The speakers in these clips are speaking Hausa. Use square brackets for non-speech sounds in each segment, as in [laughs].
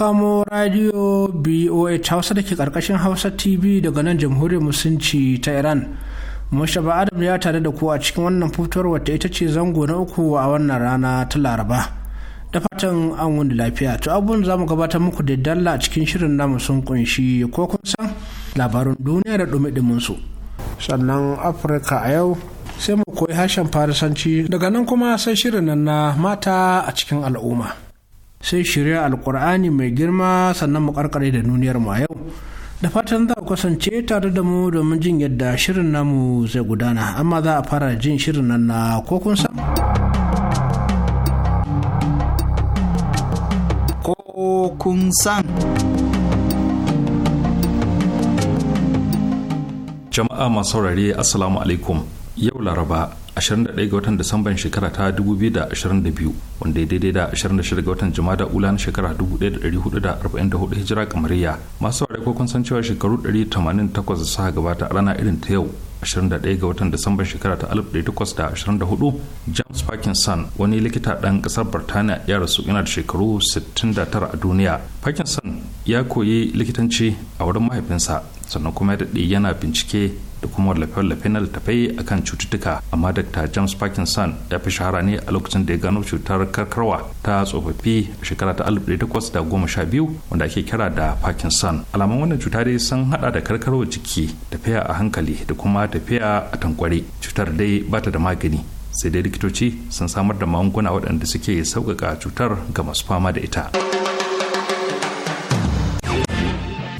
kamo radio boh hausa da ke karkashin hausa tv daga nan jamhuriyar musulunci ta iran mushaba adam ya tare da ku a cikin wannan fitowar wata ita ce zango na uku a wannan rana ta laraba da fatan an wani lafiya to abun za mu gabatar muku da dalla cikin shirin namu sun kunshi ko kun san labarin duniya da dumi su sannan afirka a yau sai mu koyi harshen farisanci daga nan kuma sai shirin na mata a cikin al'umma sai shirya alkur'ani mai girma sannan mu karkare da duniyar mu a yau da fatan za ku kasance tare da mu domin jin yadda shirin namu zai gudana amma za a fara jin shirin nan na ko kun san jama'a masu saurari assalamu alaikum yau laraba 21 ga watan Disamban shekara ta 2022 wanda ya daidai da 26 ga watan Jumada Ula na shekara 1444 Hijira kamariya. Masu ware ko san cewa shekaru 188 da suka gabata a rana irin ta yau 21 ga watan Disamban shekara ta 1824 James Parkinson wani likita ɗan ƙasar Birtaniya ya rasu yana da shekaru 69 a duniya. Parkinson ya koyi likitanci a wurin mahaifinsa sannan kuma ya daɗe yana bincike da kuma wallafe-wallafe na a akan cututtuka amma dr james parkinson ya fi shahara ne a lokacin da ya gano cutar karkarwa ta tsofaffi a shekara ta alif da goma sha biyu wanda ake kira da parkinson alamun wannan cuta dai sun hada da karkarwar jiki tafiya a hankali da kuma tafiya a tankware cutar dai bata da magani sai dai likitoci sun samar da magunguna waɗanda suke sauƙaƙa cutar ga masu fama da ita.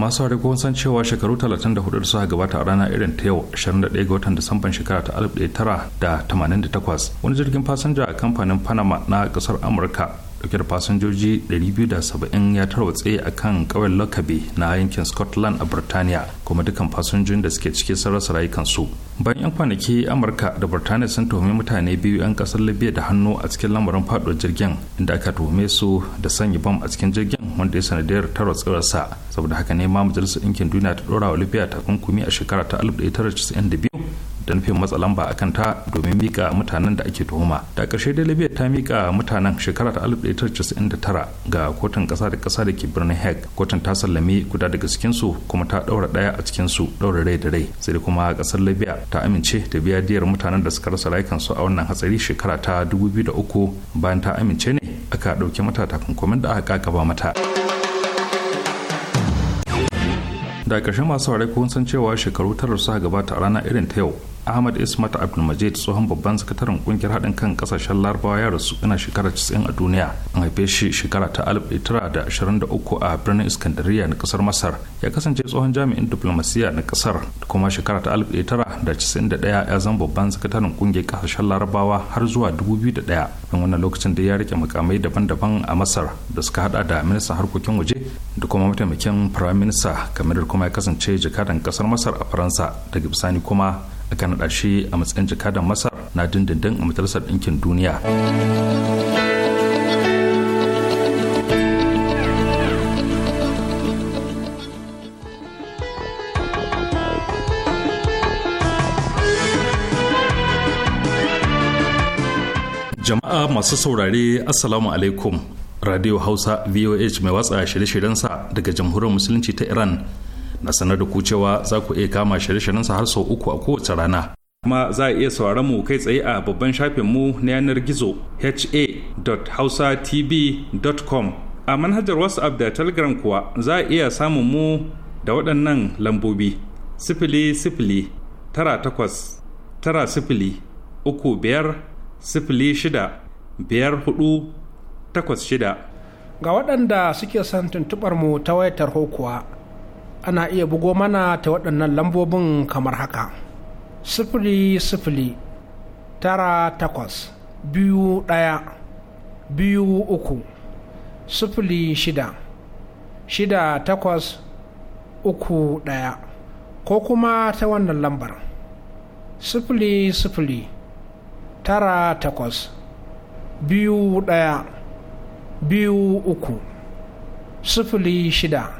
masu hari kun san cewa shekaru 34 da suka gabata a rana irin ta yau 21 ga watan disamban shekara ta 1988 wani jirgin fasinja a kamfanin panama na kasar amurka biyu da fasinjoji 270 ya tarwatse a kan kawai lokabe na yankin scotland a birtaniya kuma dukan fasinjojin da suke ciki sun rasa rayukansu bayan yan kwanaki amurka da birtaniya sun tuhumi mutane biyu yan kasar libya da hannu a cikin lamarin faɗuwar jirgin inda aka tuhume su da sanya bam a cikin jirgin wanda ya sanadiyar tarwatsewarsa saboda haka ne ma majalisar ɗinkin duniya ta ɗora wa libya takunkumi a shekara ta 1992 da nufin matsa lamba a kanta domin mika mutanen da ake tuhuma da ƙarshe dai libya ta mika mutanen shekara ta 1999 ga kotun ƙasa da ƙasa da ke birnin hague kotun ta sallame guda daga cikinsu kuma ta ɗaura ɗaya a cikinsu ɗaura rai da rai sai kuma ƙasar libya ta amince ta biya diyar mutanen da suka rasa rayukansu a wannan hatsari shekara ta 2003 bayan ta amince ne aka ɗauki mata takunkumin da aka gaba mata. da ƙarshen masu ware kun san cewa shekaru tara su gabata a rana irin ta yau ahmad ismat abdulmajid tsohon babban sakataren kungiyar haɗin kan ƙasashen larabawa ya rasu ina shekara 90 a duniya an haife shi shekara ta 1923 a birnin iskandariya na kasar masar ya kasance tsohon jami'in diplomasiya na ƙasar kuma shekara ta 1991 ya zama babban sakataren kungiyar ƙasashen larabawa har zuwa 2001 don wannan lokacin da ya rike makamai daban-daban a masar da suka hada da ministan harkokin waje da kuma mataimakin firaminista kamar kuma ya kasance jakadan kasar masar a faransa daga bisani kuma a naɗa a matsayin jakadan masar na dindindin a majalisar ɗinkin duniya jama'a masu saurare assalamu alaikum radio hausa voh mai watsa shirye-shiryensa daga jamhuriyar musulunci ta iran na sanar da ku cewa za ku iya kama shirye-shiryen sa har sau uku a kowace rana kuma za a iya sauraron mu kai tsaye a babban shafin mu na yanar gizo ha.hausa.tv.com a manhajar whatsapp da telegram kuwa za a iya samun mu da waɗannan lambobi sifili sifili tara takwas tara sifili uku biyar sifili shida biyar hudu takwas shida ga waɗanda suke son tuntuɓar mu ta wayar tarho kuwa ana iya bugo mana ta waɗannan lambobin kamar haka sifili sifili tara takwas biyu ɗaya biyu uku sifili shida shida takwas uku ɗaya ko kuma ta wannan lambar sifili sifili tara takwas biyu ɗaya biyu uku sifili shida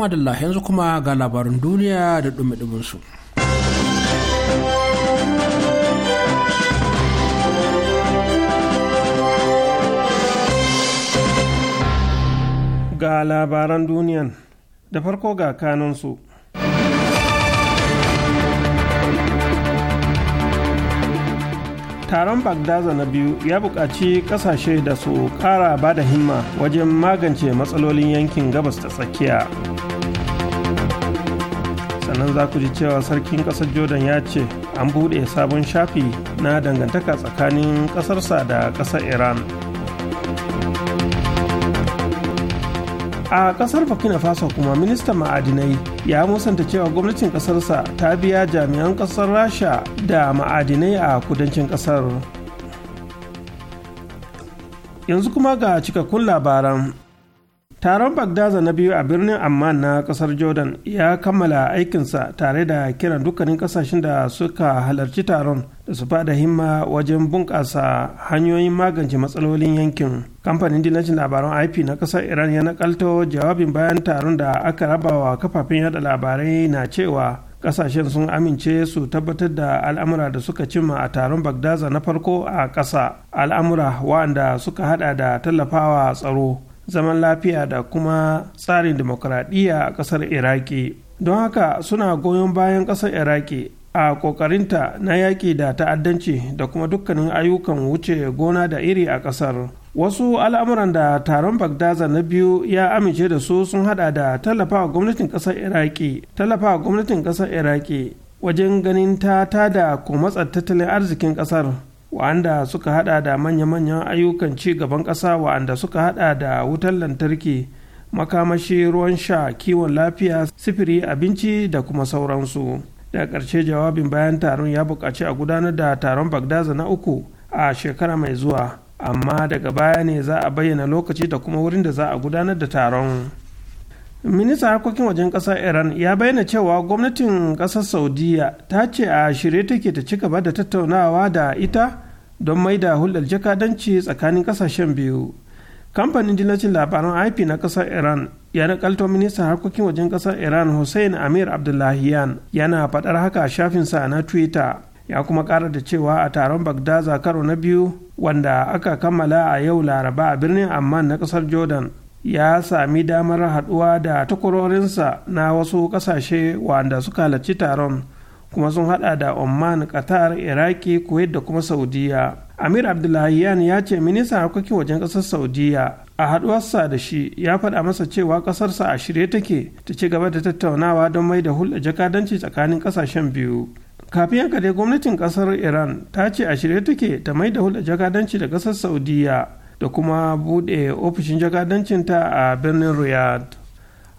madalla yanzu kuma ga labarin duniya da dumi su. Ga labaran duniyan da farko ga kanunsu. taron bagdaza na biyu ya buƙaci ƙasashe da su ƙara ba da himma wajen magance matsalolin yankin gabas ta tsakiya nan za ku ji cewa sarkin ƙasar jordan ya ce an buɗe sabon shafi na dangantaka tsakanin ƙasarsa da ƙasar iran a ƙasar burkina faso kuma ministan ma'adinai ya musanta cewa gwamnatin kasarsa ta biya jami'an ƙasar rasha da ma'adinai a kudancin ƙasar. yanzu kuma ga cikakkun labaran taron bagdaza na biyu a birnin amman na kasar jordan ya kammala aikinsa tare da kiran dukkanin kasashen da suka halarci taron da su fada himma wajen bunƙasa hanyoyin magance matsalolin yankin kamfanin dinacin labaran ip na kasar iran ya nakalto jawabin bayan taron da aka raba wa kafafen yada labarai na cewa kasashen sun amince su tabbatar da al'amura da suka cimma a taron bagdaza na farko a ƙasa al'amura waɗanda suka hada da tallafawa tsaro zaman lafiya da kuma tsarin demokuraɗiyya a ƙasar iraki don haka suna goyon bayan ƙasar iraki a ƙoƙarinta na yaƙi da ta'addanci da kuma dukkanin ayyukan wuce gona da iri a ƙasar wasu al'amuran da taron bagdaza na biyu ya amince da su sun hada da tallafawa gwamnatin ƙasar iraki tallafawa gwamnatin ƙasar iraki wajen ganin ta tada matsa tattalin arzikin ƙasar wa'anda suka hada da manya-manyan ayyukan ci gaban ƙasa wa'anda suka hada da wutar lantarki makamashi ruwan sha kiwon lafiya sifiri abinci da kuma sauransu da ƙarshe jawabin bayan taron ya buƙaci a gudanar da taron bagdaza na uku a shekara mai zuwa amma daga baya ne za a bayyana lokaci da kuma wurin da za a gudanar da taron. ministan harkokin wajen ƙasar iran ya bayyana cewa gwamnatin ƙasar saudiyya ta ce a shirye take ta ci gaba da tattaunawa da ita don mai da hulɗar jakadanci tsakanin ƙasashen biyu kamfanin dillacin labaran ip na ƙasar iran ya nakalto ministan harkokin wajen ƙasar iran hussein amir abdullahiyan yana faɗar haka a shafinsa na twitter ya kuma ƙara da cewa a taron bagdaza karo na biyu wanda aka kammala a yau laraba a birnin amman na ƙasar jordan ya sami damar haɗuwa da takwarorinsa na wasu ƙasashe wanda suka halarci taron kuma sun haɗa da oman qatar iraki kuwait da kuma saudiya amir abdullahiyan ya ce ministan harkokin wajen ƙasar saudiya a haɗuwarsa da shi ya faɗa masa cewa ƙasarsa a shirye take ta ci gaba da tattaunawa don mai da hulɗa jakadanci tsakanin ƙasashen biyu kafin yanka dai gwamnatin ƙasar iran ta ce a shirye take ta mai da hulɗa jakadanci da ƙasar saudiya da kuma bude ofishin jagadancinta a birnin riyadh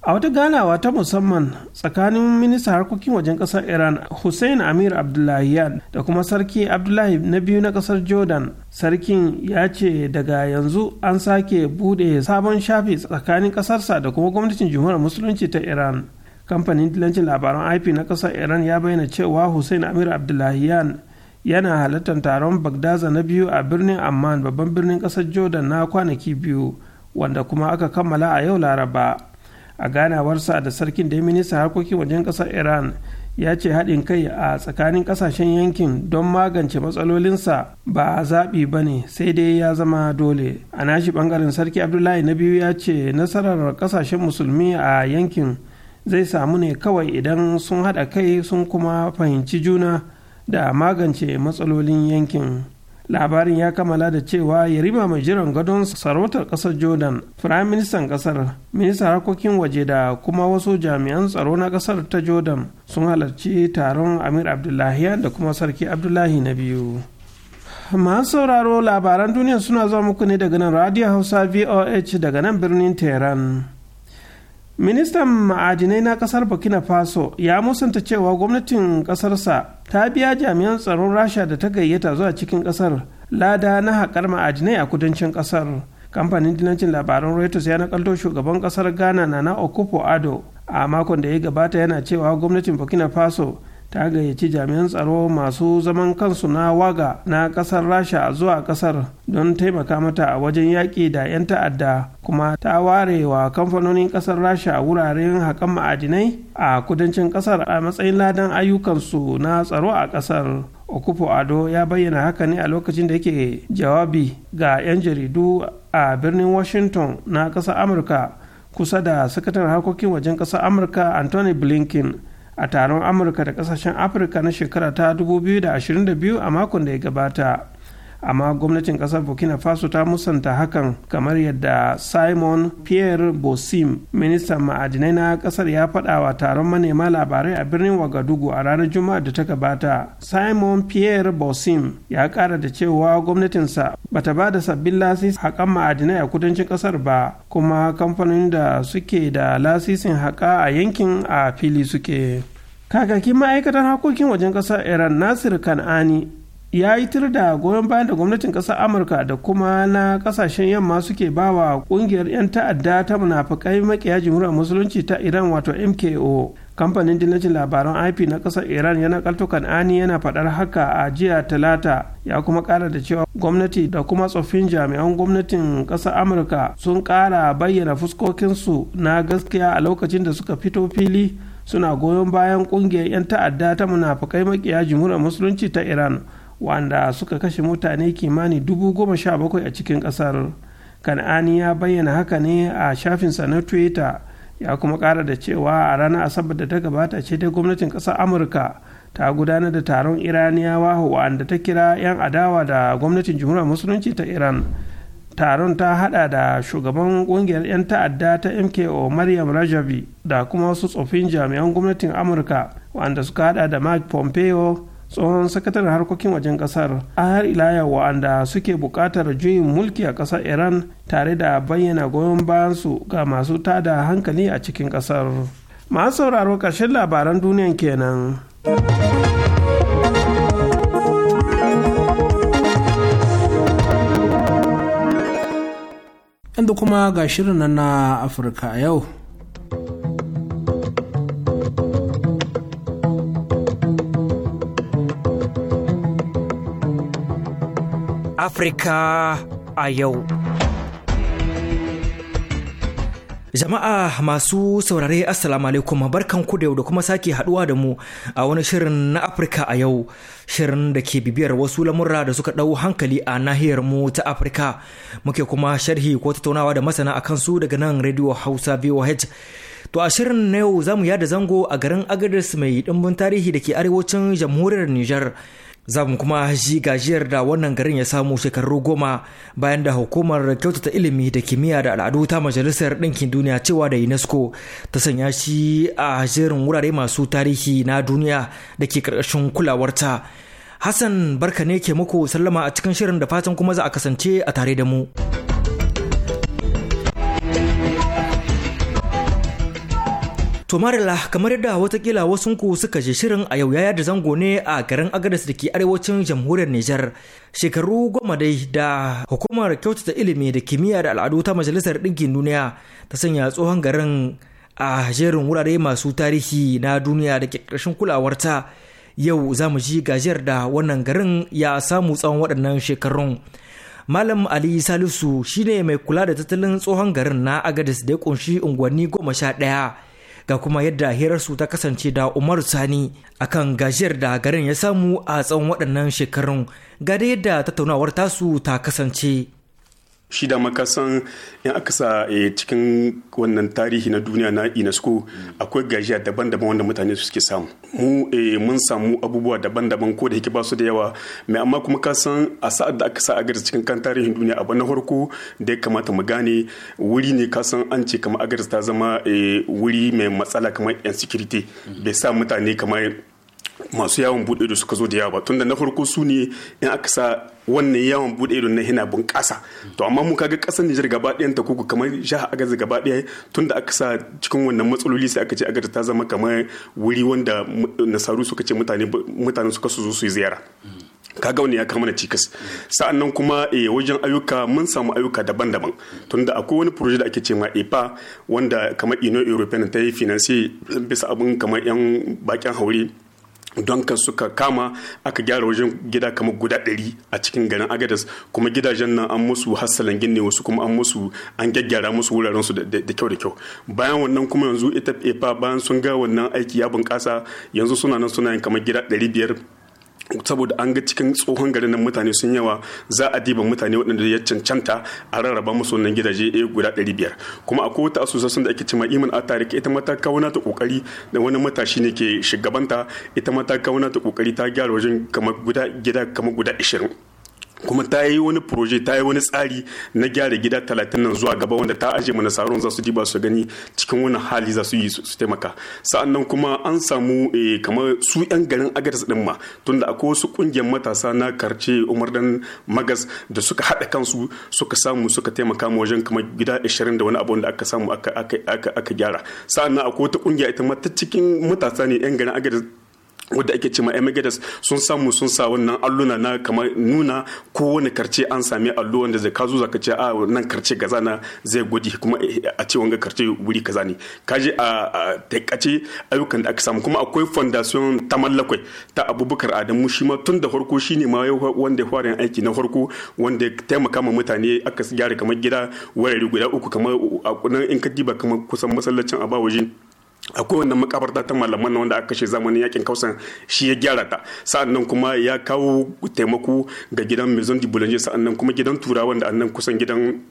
a wata ganawa ta musamman tsakanin ministan harkokin wajen ƙasar iran hussein amir abdullahian da kuma sarki abdullahi na biyu na ƙasar jordan sarkin ya ce daga yanzu an sake bude sabon shafi tsakanin ƙasarsa da kuma gwamnatin jamhuriyar musulunci ta iran kamfanin dilancin labaran ip na ƙasar iran ya bayyana cewa hussein amir abdullahiyan yana halartar taron bagdaza na biyu a birnin amman babban birnin kasar jordan na kwanaki biyu wanda kuma aka kammala a yau laraba a ganawarsa da sarkin da minista harkokin wajen kasar iran ya ce haɗin kai a tsakanin ƙasashen yankin don magance matsalolinsa ba a zaɓi ba ne sai dai ya zama dole a nashi ɓangaren sarki abdullahi na biyu ya ce nasarar ƙasashen musulmi a yankin zai samu ne kawai idan sun haɗa kai sun kuma fahimci juna da magance matsalolin yankin labarin ya kammala da cewa yarima mai jiran gadon sarautar kasar jordan firayim ministan kasar ministan harkokin waje da kuma wasu jami'an tsaro na kasar ta jordan sun halarci taron amir Abdullahi da kuma sarki abdullahi na biyu masu sauraro labaran duniya suna zuwa muku ne daga nan radio hausa voh daga nan birnin tehran ministan ma'adinai na kasar burkina faso ya musanta cewa gwamnatin kasarsa ta biya jami'an tsaron rasha da ta gayyata zuwa cikin kasar lada na haƙar ma'adinai a kudancin kasar kamfanin dinancin labaran reuters ya nakalto shugaban kasar ghana na na okupo ado a makon da ya gabata yana cewa gwamnatin burkina faso ta gayyaci jami'an tsaro masu zaman kansu na waga na kasar rasha zuwa kasar don taimaka mata a wajen yaƙi da 'yan ta'adda kuma ta ware wa kamfanonin kasar rasha wuraren haƙan ma'adinai a kudancin kasar a matsayin ladan ayyukansu na tsaro a kasar okufo ado ya bayyana haka ne a lokacin da yake jawabi ga 'yan jaridu a birnin washington na kasar amurka kusa da sakataren harkokin wajen kasar amurka anthony blinken a taron amurka da kasashen afirka na shekara ta 2022 a makon da ya gabata amma gwamnatin kasar burkina faso ta musanta hakan kamar yadda simon pierre bosim ministan ma'adinai na kasar ya faɗa wa taron manema labarai a birnin wagadugu a ranar juma'a da ta gabata simon pierre bosim ya ƙara da cewa gwamnatinsa bata ba da sabbin lasisin haƙan ma'adinai a kudancin kasar ba kuma kamfanin da suke da lasisin haƙa a yankin a fili suke kakakin ma'aikatar harkokin wajen ƙasar iran nasir kan'ani ya yi tir da goyon bayan da gwamnatin ƙasar amurka da kuma na ƙasashen yamma suke ba wa ƙungiyar 'yan ta'adda ta munafukai makiya jimhuriyar musulunci ta iran wato mko kamfanin dillacin labaran ip na ƙasar iran yana kalto kan'ani yana faɗar haka a jiya talata ya kuma kara da cewa gwamnati da kuma tsoffin jami'an gwamnatin ƙasar amurka sun ƙara bayyana fuskokinsu na gaskiya a lokacin da suka fito fili suna goyon bayan kungiyar 'yan ta'adda ta munafukai makiya jimhuriyar musulunci ta iran wanda suka kashe mutane kimani dubu goma sha bakwai a cikin kasar kan'ani ya bayyana haka ne a shafinsa na twitter ya kuma kara da cewa a ranar asabar da ta gabata ce ta gwamnatin kasar amurka ta gudanar da taron iraniyawa wanda ta kira 'yan adawa da gwamnatin jimhuriyar musulunci ta iran taron ta hada da shugaban kungiyar 'yan ta'adda ta mko maryam rajabi da kuma wasu tsofin jami'an gwamnatin amurka wanda suka hada da mike pompeo tsohon sakataren harkokin wajen kasar a har ilayar wanda wa'anda suke bukatar juyin mulki a kasar iran tare da bayyana goyon bayan su ga masu tada hankali a cikin ƙasar masu sauraro karshen labaran duniyan kenan. yanzu kuma ga shirin na afirka a yau afirka a yau Jama'a masu saurare Assalamu alaikum barkan ku da yau da kuma sake haduwa da mu a wani shirin na Afirka a yau shirin da ke bibiyar wasu lamurra da suka ɗau hankali a nahiyar mu ta Afirka muke kuma sharhi ko tattaunawa da masana akan su daga nan Radio Hausa VOH To a shirin na yau zamu yada zango a garin Agadez mai dimbin tarihi da ke arewacin jamhuriyar niger. za mu kuma ji gajiyar da wannan garin ya samu shekaru goma bayan da hukumar kyautata ilimi da kimiyya da al'adu ta majalisar ɗinkin duniya cewa da unesco ta sanya shi a jerin wurare masu tarihi na duniya da ke ƙarƙashin kulawarta hassan barka ne ke muku sallama a cikin shirin da fatan kuma za a kasance a tare da mu. To Marila kamar yadda watakila wasunku suka je shirin a yau yaya da zango ne a garin Agadas da ke arewacin jamhuriyar Nijar. Shekaru goma dai da hukumar kyautata ilimi da kimiyya da al'adu ta Majalisar Ɗinkin Duniya ta sanya tsohon garin a jerin wurare masu tarihi na duniya da ke kulawarta. Yau za mu ji gajiyar da wannan garin ya samu tsawon waɗannan shekarun. Malam Ali Salisu shine mai kula da tattalin tsohon garin na Agadis da ya ƙunshi unguwanni goma sha ɗaya. ga kuma yadda hirarsu ta kasance da Umaru Sani a kan gajiyar da garin ya samu a tsawon waɗannan shekarun ga da yadda tattaunawar tasu ta kasance. shi da makasan in aka sa eh, cikin wannan tarihi na duniya na unesco akwai gajiya daban-daban wanda mutane suke samu mu eh, mun samu abubuwa daban-daban ko da yake ba su da yawa mai amma kuma ka san a sa'ad da aka sa agar cikin kan tarihin duniya abu na farko da ya kamata mu gane wuri ne ka san an ce kamar agar ta zama eh, wuri mai matsala kamar insecurity bai sa mutane kamar masu yawon bude ido suka zo da yawa tunda na farko su ne in aka sa wannan yawon bude ido na yana bunƙasa to amma mu kaga ƙasar Nijar gaba ɗayan ta kuku kamar jihar Agadir gaba ɗaya tunda aka sa cikin wannan matsaloli sai aka ce Agadir ta zama kamar wuri wanda nasaru suka ce mutane mutane suka su zo su yi ziyara ga wani ya kama na cikas sa'an nan kuma e, wajen ayyuka mun samu ayyuka daban-daban tunda akwai wani proje da ake ce ma epa wanda kamar ino european ta yi finance bisa abin kamar yan bakin haure don kan suka kama aka gyara wajen gida kamar guda ɗari a cikin garin agadas kuma gidajen nan an musu hassalan gine wasu kuma an musu an gyaggyara musu wuraren su da kyau da kyau bayan wannan kuma yanzu ita epa eh, bayan sun ga wannan aiki ya bunƙasa yanzu suna nan suna yin kamar gida ɗari biyar saboda an ga cikin tsohon garin nan mutane sun yawa za a diba mutane waɗanda ya cancanta a rarraba musu wannan gidaje a eh, guda ɗari biyar kuma akwai wata asusasun da ake cema iman tarihi ita mata kawuna ta kokari da wani matashi ne ke shugabanta ita mata kawuna ta kokari ta gyara wajen kamar guda gida kamar guda ashirin kuma ta yi wani proje ta yi wani tsari na gyara gida talatin nan zuwa gaba wanda ta aje mana sauran za su diba su gani cikin wani hali za su yi su taimaka sa'annan kuma an samu eh, kamar su yan garin agatas din ma tunda akwai wasu kungiyar matasa na karce umar dan magas da suka haɗa kansu suka samu suka taimaka ma wajen kamar gida 20 da wani abu da aka samu aka gyara sa'annan akwai wata kungiya ita ma ta cikin matasa ne yan garin agatas wadda ake cema emigrants sun samu sun sa wannan alluna na kamar nuna wani karce an sami allo wanda zai kazo zaka ce a ah, nan karce gaza na zai gudi kuma eh, a ce wanga karce wuri kaza ne kaje a taikace ayyukan da aka samu kuma akwai fondation ta mallakwai ta abubakar adamu shi ma tun da farko shine ma wanda ya fara aiki na farko wanda ya taimaka ma mutane aka gyara kamar gida wayar guda uku kamar a in ka diba kamar kusan masallacin abawaji a wannan makabarta ta malaman wanda aka kashe zamanin yakin kausan shi ya gyara ta sa'annan kuma ya kawo taimako ga gidan maison du boulanger sa'annan kuma gidan tura wanda annan kusan gidan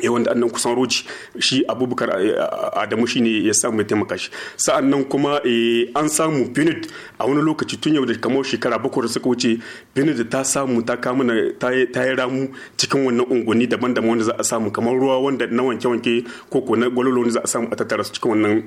ya eh, wanda annan kusan roji shi abubakar eh, adamu shi ne ya samu ya taimaka shi sa'an nan kuma eh, an samu pinid a wani lokaci tun yau da kamar shekara bakwai da suka wuce pinid ta samu ta kama ta yi ramu cikin wannan unguwanni daban-daban wanda za a samu kamar ruwa wanda na wanke-wanke ko ko na gwalolo wanda za a samu a tattara su cikin wannan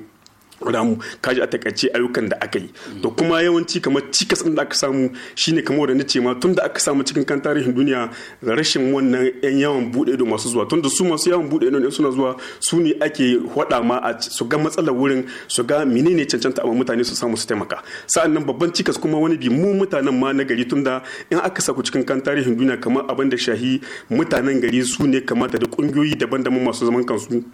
ramu kaji a takaice ayyukan da aka yi to kuma yawanci kamar cikas da aka samu shine kamar da ce ma tunda aka samu cikin kan tarihin duniya rashin wannan yan yawan bude ido masu zuwa tunda su masu yawan bude ido suna zuwa su ne ake hwada ma a su ga matsalar wurin su ga menene cancanta amma mutane su samu su taimaka sa'annan babban cikas kuma wani bi mu mutanen ma na gari da in aka saku cikin kan tarihin duniya kamar abin da shahi mutanen gari su ne kamata da kungiyoyi daban-daban masu zaman kansu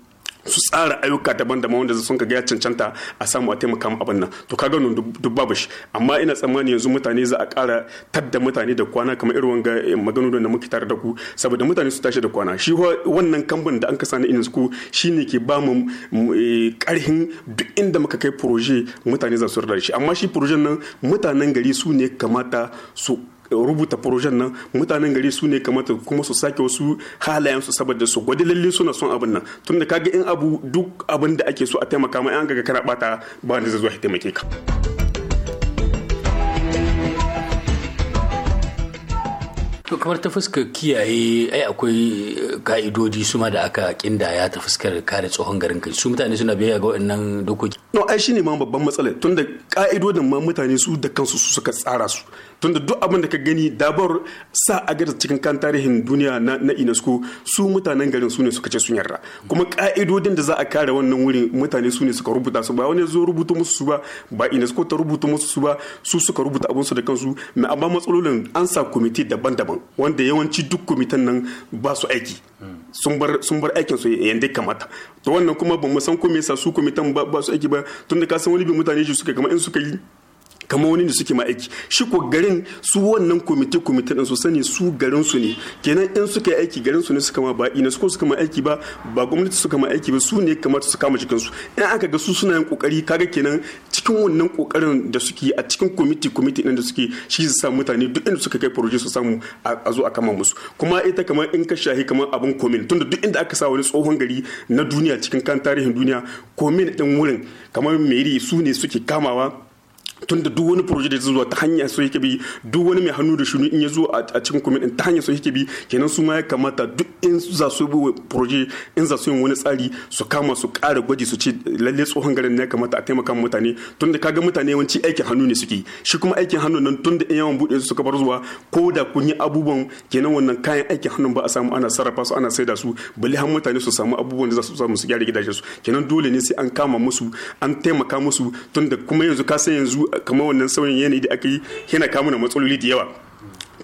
su tsara ayyuka daban-daban wanda sun ka ya cancanta a samu a taimaka mu abin nan to kaga nun duk babu shi amma ina tsammani yanzu mutane za a ƙara da mutane da kwana kamar irin wanga eh, maganunan da muke tare da ku saboda mutane su tashi da kwana shi wannan kamban da an kasa na inisku shine ke ba mu eh, ƙarhin duk inda muka kai proje mutane za su rada shi amma shi projen nan mutanen gari su ne kamata su rubuta projen nan mutanen gari su ne kamata kuma su sake wasu halayen su saboda su gwada lalle suna son abin nan tunda kaga in abu duk abin da ake so a taimaka ma an ga kana bata ba da zuwa taimake ka to kamar ta fuska kiyaye ai akwai eh, ka'idodi su ma da aka ya ta fuskar kare tsohon garin kai su mutane suna biyayya ga wannan dokoki no ai shine ma babban matsala tunda ka'idodin ma mutane su da kansu su suka tsara su tunda duk abin da ka gani dabar sa a gada cikin kan tarihin duniya na, na su mutanen garin su ne suka ce sun yarda kuma ka'idodin da za a kare wannan wuri mutane su ne suka rubuta su ba wani zo rubuta musu su ba ba inesco ta rubuta musu su ba su suka rubuta abin su da kansu mai amma matsalolin an sa kwamiti daban-daban wanda yawanci duk kwamitin nan ba su aiki sun bar aikin su yadda kamata to wannan kuma ba mu san ko me yasa su kwamitin ba su aiki ba tunda ka san wani bi mutane shi suka kama in suka yi kamar wani da suke ma'aiki shi ko garin su wannan kwamiti kwamiti din su sani su garin su ne kenan in suka yi aiki garin su ne suka ma ina na ko suka ma aiki ba ba gwamnati suka ma aiki ba su ne kamata su kama cikin su in aka ga su suna yin kokari kaga kenan cikin wannan kokarin da suke a cikin kwamiti kwamiti din da suke shi su sa mutane duk inda suka kai proje su samu a zo a kama musu kuma ita kamar in ka shahi kamar abin komin tunda duk inda aka sa wani tsohon gari na duniya cikin kan tarihin duniya komin din wurin kamar meri su ne suke kamawa tunda duk wani proje da zuwa ta hanyar so yake bi duk wani mai hannu da shuni in ya zo a cikin kwamitin ta hanyar so yake bi kenan su ma ya kamata duk in za su bi proje in za su yi wani tsari su kama su ƙara gwaji su ce lalle tsohon garin ya kamata a taimaka mutane tunda kaga mutane yawanci aikin hannu ne suke shi kuma aikin hannu nan tunda in yawan buɗe su suka bar zuwa ko da kun yi abubuwan kenan wannan kayan aikin hannun ba a samu ana sarrafa su ana saida su balle har mutane su samu abubuwan da za su samu su gyara gidajen su kenan dole ne sai an kama musu an taimaka musu tunda kuma yanzu ka san yanzu kamar wannan sauyin yanayi da aka yi yana kamu da matsaloli da yawa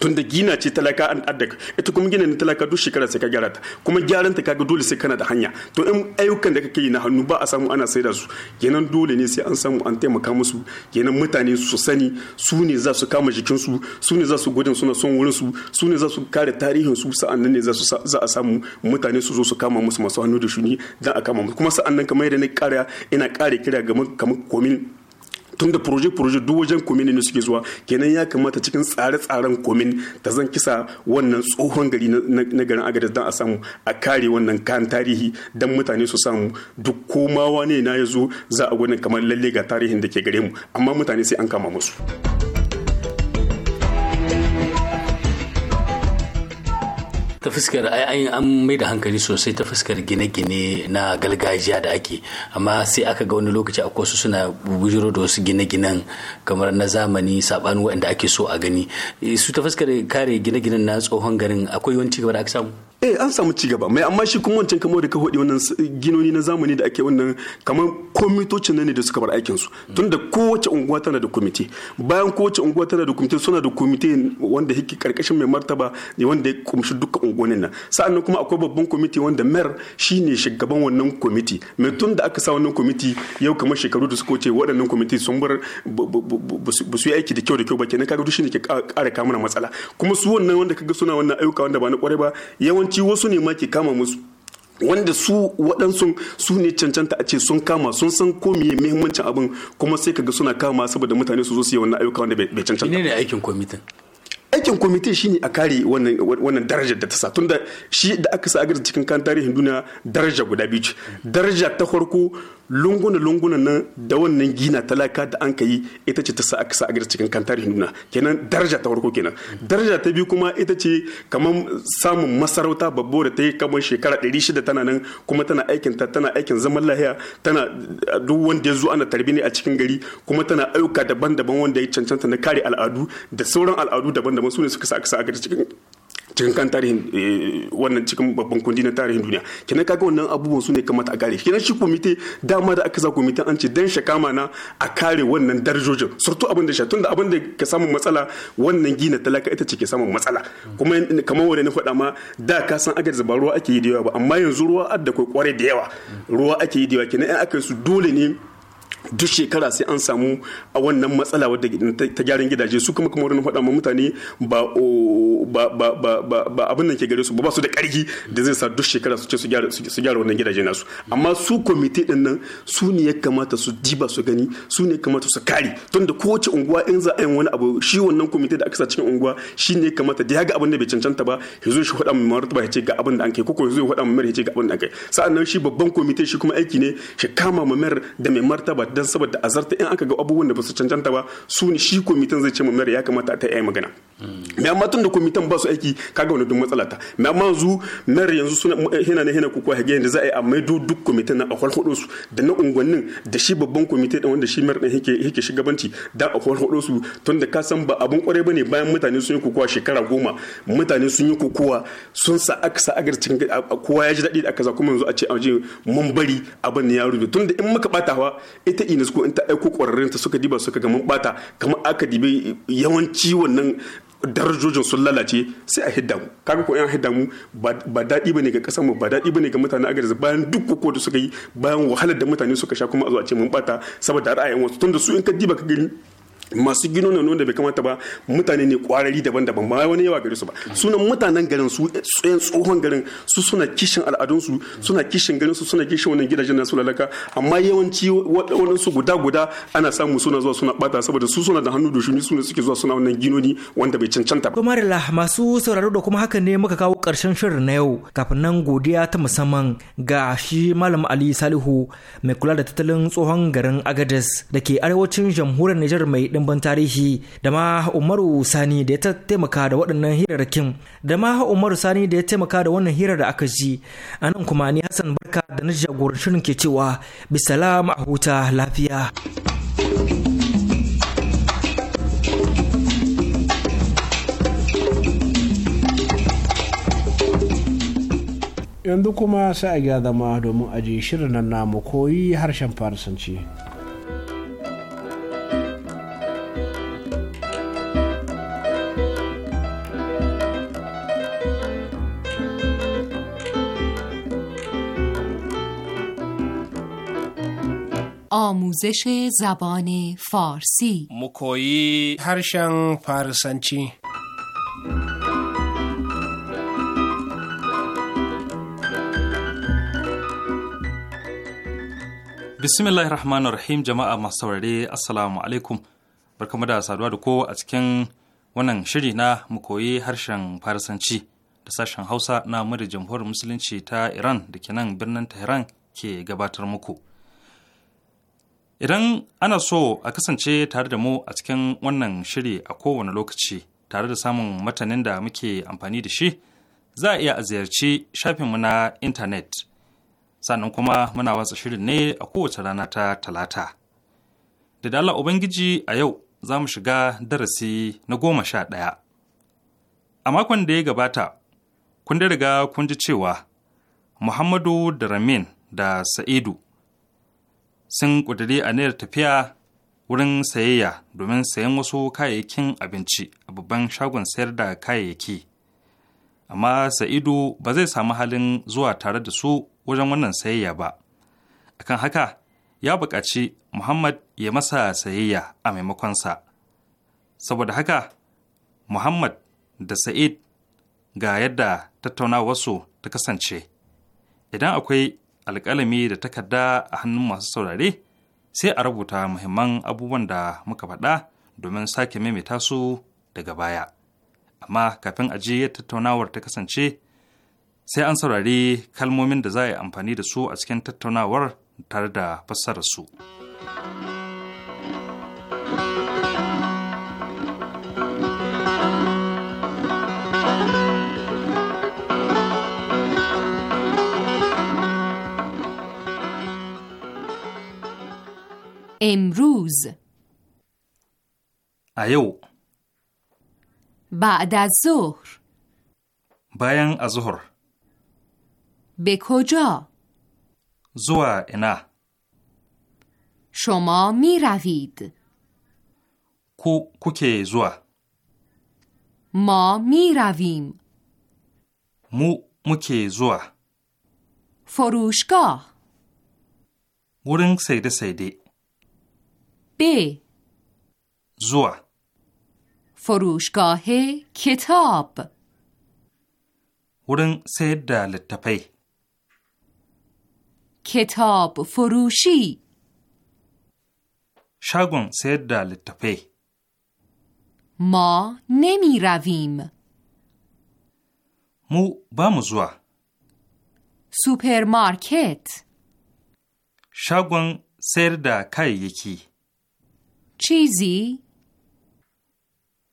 tun da gina ce talaka an addaka ita kuma gina ne talaka duk shekara sai ka gyara ta kuma gyaran ta kaga dole sai kana da hanya to in ayyukan da kake yi na hannu ba a samu ana saida su kenan dole ne sai an samu an taimaka musu kenan mutane su sani su ne za su kama jikin su su ne za su gudun suna son wurin su su ne za su kare tarihin su nan ne za su za a samu mutane su zo su kama musu masu hannu da shuni dan a kama musu kuma nan kamar yadda na kara ina kare kira ga kamar komin tun da proje proje duk wajen komin ne suke zuwa kenan ya kamata cikin tsare-tsaren komin ta zan kisa wannan tsohon gari na garin agadas don a samu a kare wannan kan tarihi don mutane su samu duk komawa ne na ya zo za a gwanin kamar lalle ga tarihin da ke gare mu amma mutane sai an kama musu. [laughs] ta fuskar an mai da hankali sosai ta fuskar gine-gine na galgajiya da ake amma sai aka ga wani lokaci akwai su suna bujiro da wasu gine-ginen kamar na zamani sabanin waɗanda ake so a gani eh, su ta fuskar kare gine-ginen na tsohon garin akwai wani cigaba da aka samu eh an samu cigaba mai amma shi kuma wancan kamar da ka hodi wannan ginoni na zamani da ake wannan kamar komitocin ne da suka bar aikin su tunda kowace unguwa tana da komite bayan kowace unguwa tana da komite suna da komite wanda yake karkashin mai martaba ne wanda ya kumshi dukkan akan gonin nan sa'annan kuma akwai babban kwamiti wanda mer shi ne shugaban wannan kwamiti mai tun da aka sa wannan kwamiti yau kamar shekaru da suka wuce waɗannan kwamiti sun bar ba su yi aiki da kyau da kyau ba kenan kaga duk ne ke ƙara kama matsala kuma su wannan wanda kaga suna wannan ayyuka wanda ba na ƙwarai ba yawanci wasu ne ma ke kama musu wanda su waɗansu su ne cancanta a ce sun kama sun san ko me muhimmancin abin kuma sai kaga suna kama saboda mutane su zo su yi wannan ayyuka wanda bai cancanta ne aikin kwamitin aikin kwamiti shine a kare wannan darajar da ta sa tunda shi da aka sa a cikin kan tarihin duniya daraja guda biyu daraja ta farko lunguna-lunguna nan da wannan gina talaka da an kayi ita ce ta sa aka sa a cikin kan tarihin nuna kenan daraja ta farko kenan daraja ta biyu kuma ita ce kamar samun masarauta babbo da ta yi kamar shekara 600 tana nan kuma tana aikin ta tana aikin zaman lahiya tana duk wanda ya zo ana tarbi ne a cikin gari kuma tana ayyuka daban-daban wanda ya cancanta na kare al'adu da sauran al'adu daban-daban su ne suka sa aka sa a cikin cikin kan tarihin eh, wannan cikin babban kundi na tarihin duniya kenan kaga wannan abubuwan su ne kamata a kare kenan shi komite dama da aka sa komite an ce dan shakama na a kare wannan darajojin surtu abin da shatun da abin da ka samu matsala wannan gina talaka ita ce ke samun matsala kuma kamar wani na faɗa ma da ka san aka zuba ruwa ake yi da yawa ba amma yanzu ruwa adda kai kware da yawa ruwa ake yi da yawa kenan in aka su dole ne duk shekara sai an samu a wannan matsala wadda ta gyaran gidaje su kuma kuma wurin faɗa ma mutane ba ba abin nan ke gare su ba su da ƙarfi da zai sa duk shekara su ce su gyara wannan gidaje nasu amma su kwamiti din nan su ne ya kamata su diba su gani su ne ya kamata su kare tun da kowace unguwa in za a yin wani abu shi wannan kwamiti da aka sa cikin unguwa shi ne ya kamata da ya ga abin da bai cancanta ba ya zo shi faɗa ma martaba ya ce ga abin da an kai ko ya zo ya faɗa ma mayar ya ce ga abin da an kai sa'an nan shi babban kwamiti shi kuma aiki ne shi kama ma mayar da mai martaba dan saboda azarta in aka ga abubuwan da ba su cancanta ba su ne shi komitin zai ce mu mayar ya kamata ta yi magana me amma tun da kwamitan ba su aiki kaga wani duk matsala ta me amma yanzu mayar yanzu suna hina na hina ko hage yanda za a yi a duk duk kwamitan na a hudu su da na unguwannin da shi babban kwamite da wanda shi mayar din yake shugabanci da a hudu su tun da ka san ba abun kware bane bayan mutane sun yi kokowa shekara goma mutane sun yi kokowa sun sa aka sa agar cikin kowa ya ji daɗi da kaza kuma yanzu a ce a je mun bari abin ne ya rubuta tun da in muka bata hawa ita ina ko in ta aiko kwararren ta suka diba suka ga mun bata kamar aka dibe yawanci wannan darajojin sun lalace sai a hidda mu kaga ko yan hidda mu ba daɗi bane ga kasar mu ba daɗi bane ga mutanen agarza bayan duk koko da suka yi bayan wahalar da mutane suka sha kuma a zo a ce mun bata saboda ra'ayin wasu tunda su in ka diba ka gani masu gino na da bai kamata ba mutane ne kwarari daban-daban ba wani yawa gare su ba sunan mutanen garin su tsayen eh, tsohon garin su suna kishin al'adunsu suna kishin garin su suna kishin wannan gidajen nasu lalaka amma yawanci waɗansu guda-guda ana samu suna zuwa suna bata saboda su suna da hannu da su suna suke zuwa suna wannan ginoni wanda bai cancanta ba. Gomarila masu sauraro da kuma haka ne muka kawo ƙarshen shirin na yau kafin nan godiya ta musamman ga shi malam Ali Salihu mai kula da tattalin tsohon garin Agadez da ke arewacin jamhuriyar Nijar mai ɗimbin tarihi da ma umaru sani da ya taimaka da waɗannan hirarrakin da ma umaru sani da ya taimaka da wannan hirar da aka ji a nan kuma ni hassan barka da na shirin ke cewa bisalam a huta lafiya. yanzu kuma sai a gyara zama domin aji shirin nan namu koyi harshen farisanci. آموزش زبان فارسی مکوی هرشن فارسنچی بسم الله rahim jama'a masu saurare السلام دا saduwa da kowa a cikin wannan shiri na mu koyi harshen farisanci da sashen hausa na muda jamhuriyar musulunci ta iran da ke nan birnin tehran ke gabatar muku Idan ana so a kasance tare da mu a cikin wannan shiri a kowane lokaci tare da samun matanin da muke amfani da shi, za a iya a ziyarci shafinmu na intanet. Sannan kuma muna watsa shirin ne a kowace rana ta talata. Da dala Ubangiji a yau za mu shiga darasi na goma sha ɗaya. A makon da ya gabata, kun riga kun ji cewa Muhammadu da Ramin da Sa'idu sun ƙudiri aniyar tafiya wurin sayayya domin sayan wasu kayayyakin abinci a babban shagon sayar da kayayyaki amma sa'idu ba zai samu halin zuwa tare da su wajen wannan sayayya ba akan haka ya buƙaci muhammad ya masa sayayya a maimakonsa saboda haka muhammad da sa'id ga yadda tattaunawarsu ta kasance idan akwai alƙalami da takarda a hannun masu saurare sai a rubuta muhimman abubuwan da muka faɗa domin sake maimaita su daga baya. Amma kafin a je tattaunawar ta kasance sai an saurari kalmomin da za a yi amfani da su a cikin tattaunawar tare da fassararsu. su. امروز ایو بعد از ظهر بیان از ظهر به کجا زوا انا شما می روید کو کوکه زوا ما می رویم مو مکه زوا فروشگاه ورنگ سیده سیده ب زوا فروشگاه کتاب ورن سید دا کتاب فروشی شاگون سید دا ما نمی رویم مو با مزوا سوپرمارکت شاگون سردا یکی چیزی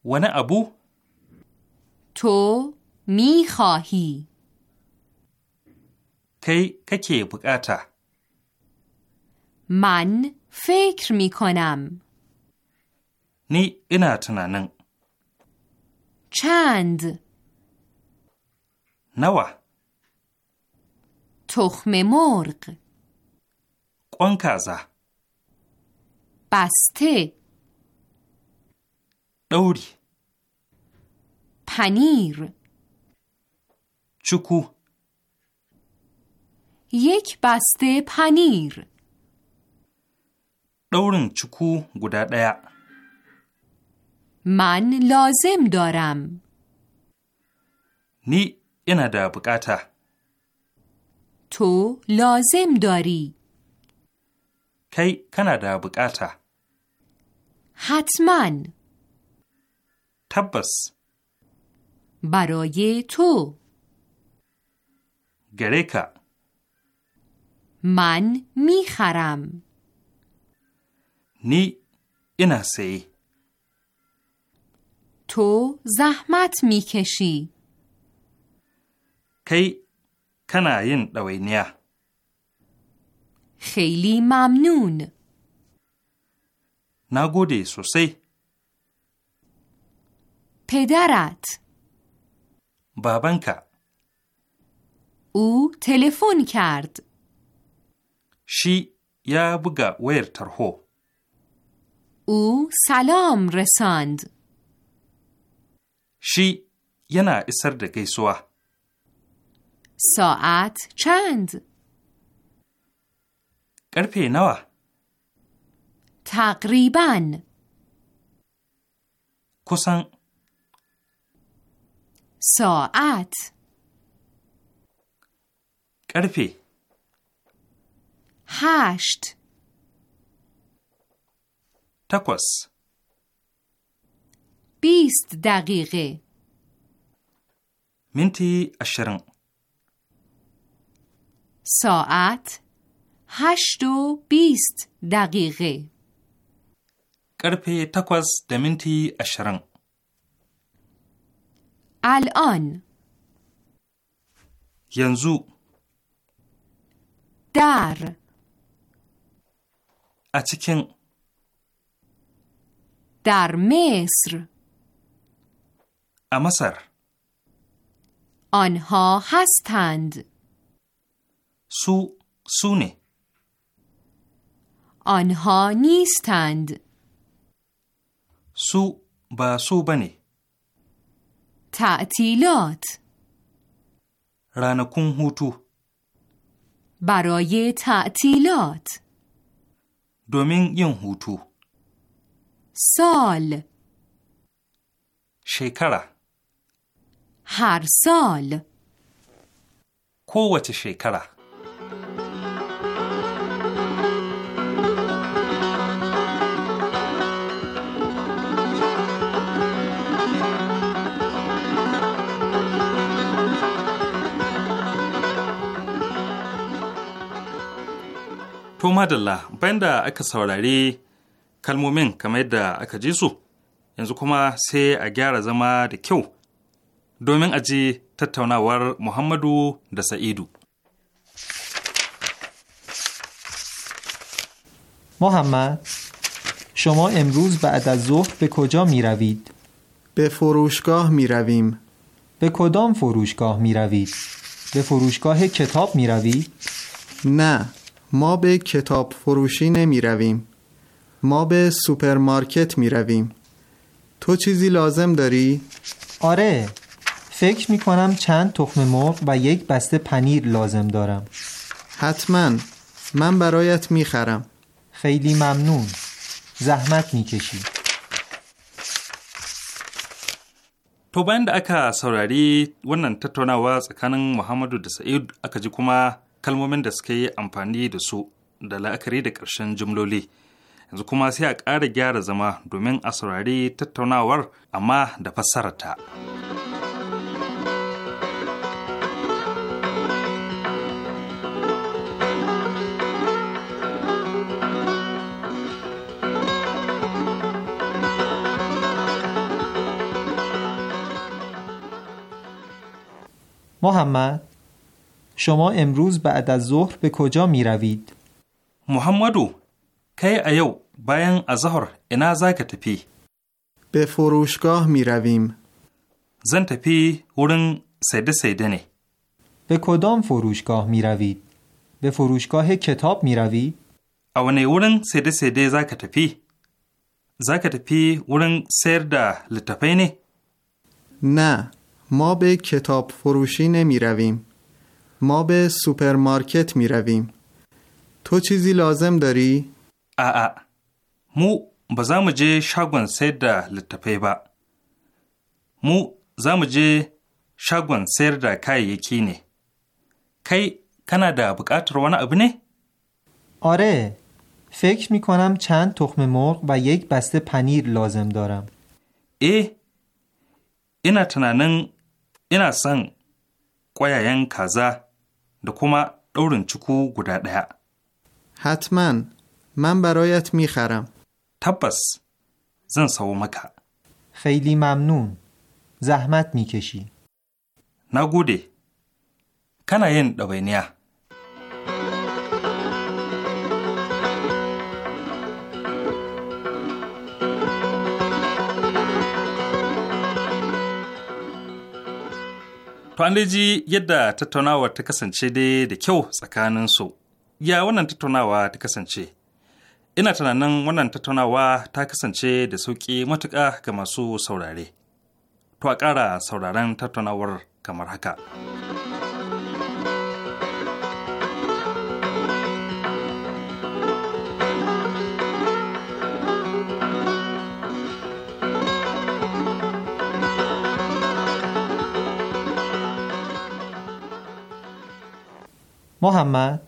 ونه ابو تو می خواهی کی ککی بکاتا من فکر میکنم نی اینا تنانن چند نوا تخم مرغ قنکازه بسته دوری پنیر چکو یک بسته پنیر دورن چکو گودا دیا من لازم دارم نی اینا دا بکاتا تو لازم داری کی کنا دا بکاتا حتماً تبس برای تو گریکا من میخرم نی اینا تو زحمت میکشی کی کناین دوینیا خیلی ممنون نگودی سوسی پدرت بابنکا او تلفن کرد شی یا بگا ویر ترهو او سلام رساند شی ینا اسر ده گیسوا ساعت چند قرفه نوا تقریبا کسان ساعت کرپی هشت تکوس بیست دقیقه منتی اشرن ساعت هشت و بیست دقیقه کرپی تکوس دمنتی اشرن الان ینزو در اتیکن در مصر امسر آنها هستند سو سونه آنها نیستند سو با سو بنه تعطیلات رانکون هوتو برای تعطیلات دومین یون هوتو سال شیکارا هر سال کووچه شیکارا To madalla bayan da aka saurari kalmomin kamar yadda aka ji su, yanzu kuma sai a gyara zama da kyau domin a ji tattaunawar Muhammadu da Sa'idu. Muhammad, شما امروز بعد از ظهر به کجا می روید؟ به فروشگاه می رویم به کدام فروشگاه می روید؟ به فروشگاه کتاب می روید؟ نه ما به کتاب فروشی نمی رویم. ما به سوپرمارکت می رویم. تو چیزی لازم داری؟ آره فکر می کنم چند تخم مرغ و یک بسته پنیر لازم دارم حتما من برایت می خرم خیلی ممنون زحمت می کشی توبند بند سراری و saurari wannan tattaunawa tsakanin محمد da Sa'id aka kalmomin da suka yi amfani da su da la'akari da ƙarshen jimloli yanzu kuma sai a ƙara gyara zama domin a saurari tattaunawar amma da fassararta. محمد شما امروز بعد از ظهر به کجا می روید؟ محمدو کی ایو باین از ظهر انا زاک تپی به فروشگاه می رویم زن تپی ورن سیده سیده نه به کدام فروشگاه می روید؟ به فروشگاه کتاب می روید؟ اونه ورن سیده سیده زاک تپی زاک تپی ورن سیر دا نه ما به کتاب فروشی نمی رویم ما به سوپرمارکت می رویم. تو چیزی لازم داری؟ آ مو بزام جه شاگون سر دا لطفه با. مو زام جه شاگون سیر دا کای یکی نه. کی کنا دا بکات روانا ابنه؟ آره فکر می کنم چند تخم مرغ و یک بسته پنیر لازم دارم. ای اینا تنانن اینا سن ین کازا da kuma ɗaurin ciku guda ɗaya. Hatman, man barayat mikharam. Tabbas, zan sayo maka. Khaili mamnun, zahmat mikeshi. Na gode, kana yin ɗawainiya. To an ji yadda tattaunawar ta kasance dai da kyau tsakanin su. Ya wannan tattaunawa ta kasance? Ina tunanin wannan tattaunawa ta kasance da sauƙi matuƙa ga masu saurare. To a ƙara sauraren tattaunawar kamar haka. محمد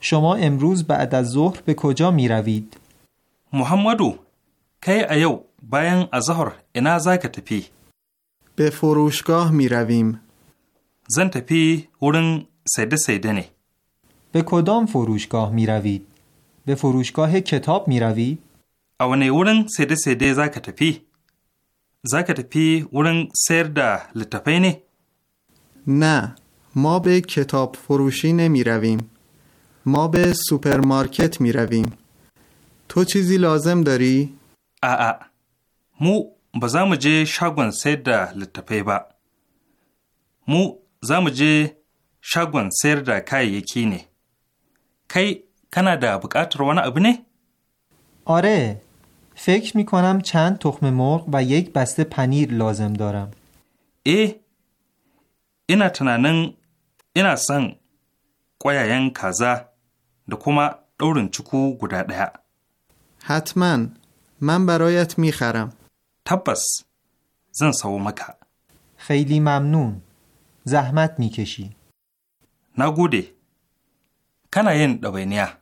شما امروز بعد از ظهر به کجا می روید؟ محمدو کی ایو باین از ظهر اینا زاک تپی به فروشگاه می رویم زن تپی ورن سیده سیده نی به کدام فروشگاه می روید؟ به فروشگاه کتاب می روید؟ اونه ورن سیده سیده زاک تپی زاک تپی ورن سیر دا لطفه نی؟ نه ما به کتاب فروشی نمی رویم. ما به سوپرمارکت می رویم. تو چیزی لازم داری؟ آ مو بزام جه شاگون سیر دا لطفه با. مو زام جه شاگون سیر دا کای یکی نه. کی کنا دا بکات روانا ابنه؟ آره فکر می کنم چند تخم مرغ و یک بسته پنیر لازم دارم. ای اینا تنانن ina son ƙwayayen kaza da kuma ɗaurin cuku guda ɗaya. Hatman, man barayat haram. Tabbas, zan sayo maka. zahmat mi زحمت Na gode. kana yin ɗabainiya?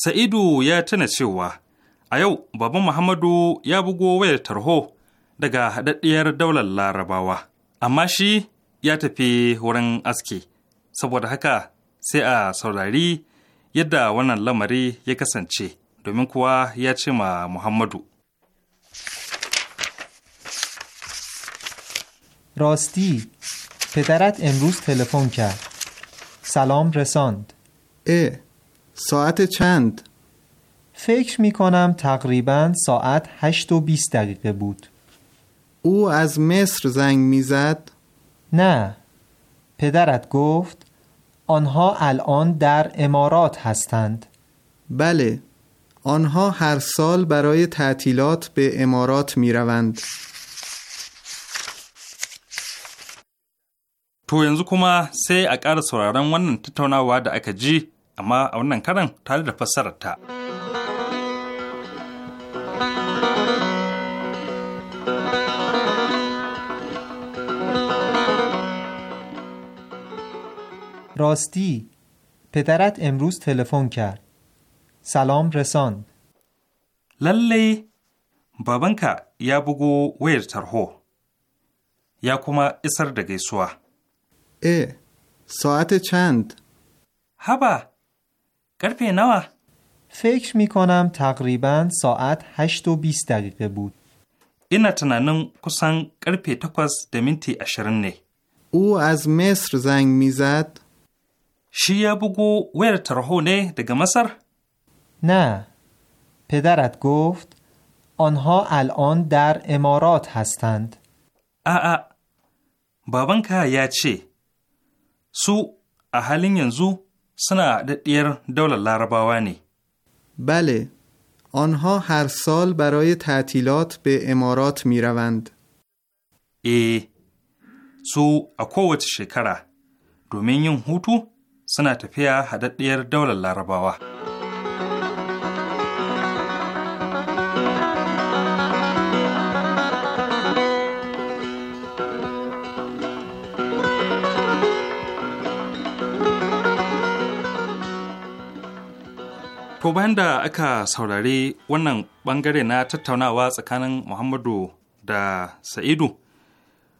Sa'idu ya tuna cewa a yau Baba Muhammadu ya bugo wayar tarho daga haɗaɗɗiyar daular larabawa, amma shi ya tafi wurin aski, saboda haka sai a saurari yadda wannan lamari ya kasance, domin kuwa ya ce ma Muhammadu. راستی پدرت امروز تلفن کرد سلام رساند اه ساعت چند؟ فکر می کنم تقریبا ساعت هشت و بیست دقیقه بود او از مصر زنگ میزد؟ نه پدرت گفت آنها الان در امارات هستند بله آنها هر سال برای تعطیلات به امارات می روند تو yanzu کوما سه اکار ƙara ونن wannan واد اکجی amma a wannan karan tare da fassarar ta. راستی پدرت امروز تلفن کرد سلام رساند للی بابنکا یا بگو ویر ترهو یا کما اسر دگی سوا اه ساعت چند هبا کرپی نوا فکر می کنم تقریبا ساعت هشت و بیست دقیقه بود. این تنانم کسان کرپی تکوز دمینتی اشرن نه. او از مصر زنگ میزد. شیا بگو ویر نه دگه مصر؟ نه. پدرت گفت آنها الان در امارات هستند. آآ بابان که یا چی؟ سو اهلین ینزو سنا دیر دولت لارباوانی بله آنها هر سال برای تعطیلات به امارات می روند. ای سو اکووت شکره دومین هوتو سنا تفیه هددیر دولت لارباوه To bayan da aka saurari wannan bangare na tattaunawa tsakanin Muhammadu da Sa'idu,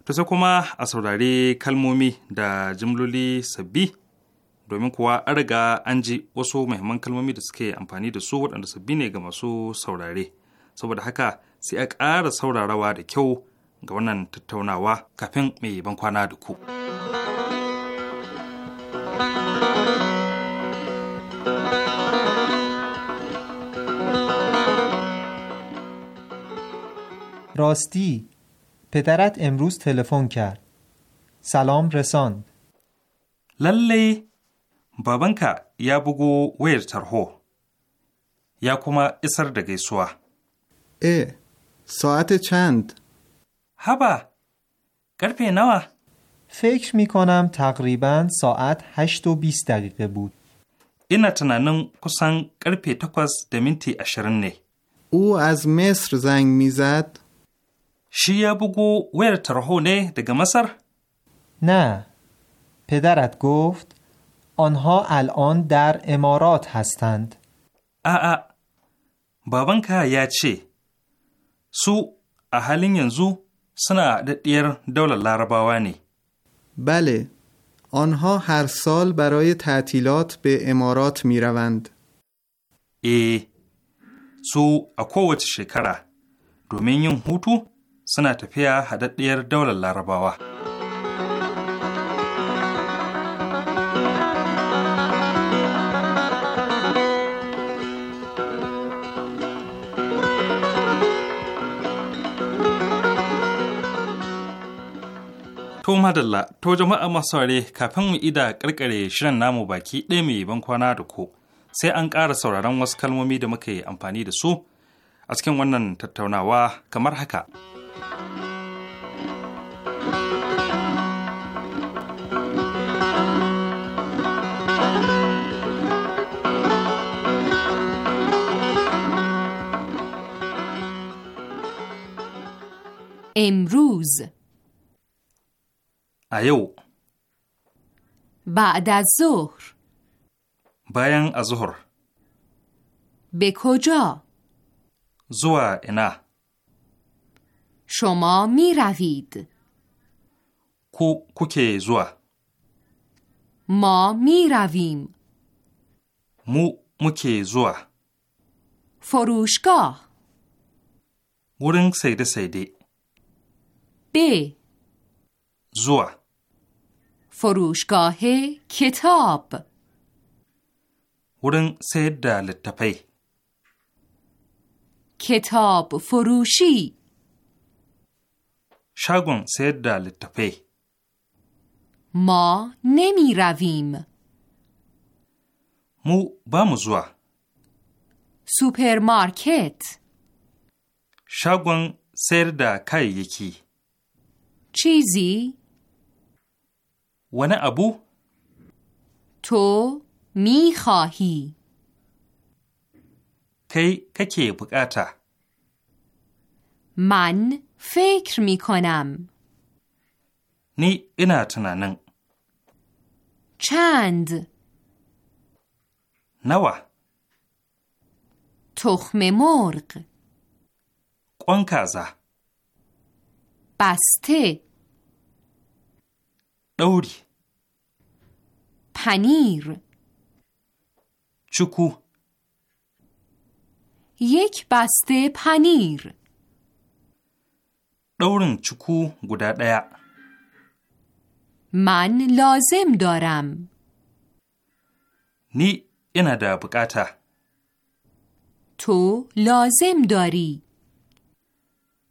to sai kuma a saurari kalmomi da jimloli sabbi domin kuwa an riga an ji wasu muhimman kalmomi da suke amfani da su waɗanda sabbi ne ga masu saurare. Saboda haka sai a ƙara saurarawa da kyau ga wannan tattaunawa kafin mai ban kwana da ku. راستی پدرت امروز تلفن کرد سلام رساند للی بابنکا یا بگو ویر ترهو یا کما اسر دگی سوا اه ساعت چند هبا گرپی نوا فکر می کنم تقریبا ساعت هشت و بیست دقیقه بود اینا تنانم کسان گرپی تکوز دمینتی اشرن نه او از مصر زنگ میزد شی یا بگو ویر ترهونه دگه مصر؟ نه پدرت گفت آنها الان در امارات هستند آ بابان که یا چه سو اهلین ینزو سنا دیر دول لارباوانی بله آنها هر سال برای تعطیلات به امارات می روند. ای سو اکووت شکره دومینیون هوتو suna tafiya haɗaɗɗiyar daular larabawa. To madalla, to jama'a masu kafin mu ida karkare shirin namu baki ɗaya mai ban kwana da ku, sai an ƙara sauraron wasu kalmomi da muka yi amfani da su a cikin wannan tattaunawa kamar haka. امروز ایو بعد از ظهر بیان از ظهر به کجا زوا انا شما می روید کو کوکه زوا ما می رویم مو موکی زوا فروشگاه گورن سیده سیده ب زو فروشگاه کتاب ورن سید دا کتاب فروشی شاگون سید دا ما نمی رویم مو با مزوا سوپرمارکت شاگون سیر کای یکی چیزی و نه ابو تو می خواهی کی ککی بکاتا من فکر می کنم نی اینا تنانن چند نوا تخم مرغ قنکازه بسته دوری پنیر چکو یک بسته پنیر دورن چکو گودا دیا من لازم دارم نی اینا دا بکاتا تو لازم داری